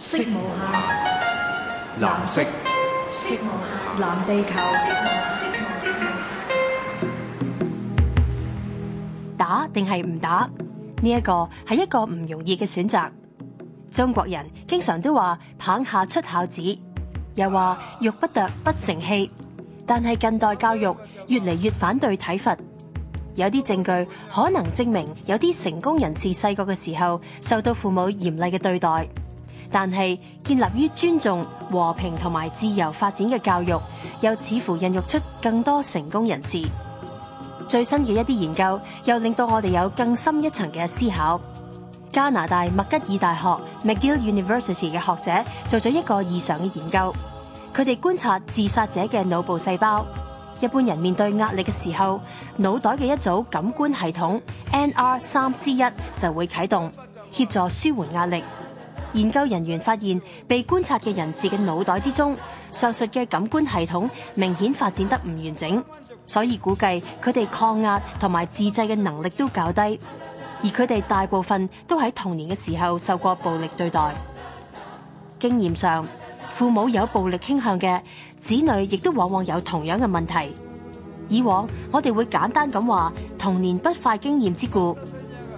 色無暇，藍色。色無暇，藍地球。母藍地球打定係唔打呢？這個、是一個係一個唔容易嘅選擇。中國人經常都話棒下出孝子，又話玉不琢不成器。但係近代教育越嚟越反對體罰，有啲證據可能證明有啲成功人士細個嘅時候受到父母嚴厲嘅對待。但係建立於尊重、和平同埋自由發展嘅教育，又似乎孕育出更多成功人士。最新嘅一啲研究又令到我哋有更深一層嘅思考。加拿大麥吉爾大學 （McGill University） 嘅學者做咗一個異常嘅研究，佢哋觀察自殺者嘅腦部細胞。一般人面對壓力嘅時候，腦袋嘅一組感官系統 （NR3C1） 就會啟動，協助舒緩壓力。研究人員發現，被觀察嘅人士嘅腦袋之中，上述嘅感官系統明顯發展得唔完整，所以估計佢哋抗壓同埋自制嘅能力都較低。而佢哋大部分都喺童年嘅時候受過暴力對待。經驗上，父母有暴力傾向嘅子女，亦都往往有同樣嘅問題。以往我哋會簡單咁話，童年不快經驗之故。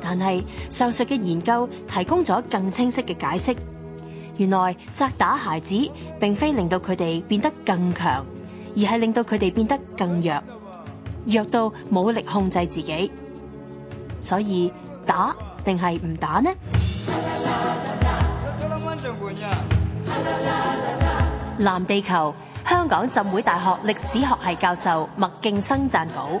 但係上述嘅研究提供咗更清晰嘅解釋，原來責打孩子並非令到佢哋變得更強，而係令到佢哋變得更弱，弱到冇力控制自己。所以打定係唔打呢？藍地球香港浸會大學歷史學系教授麥勁生撰稿。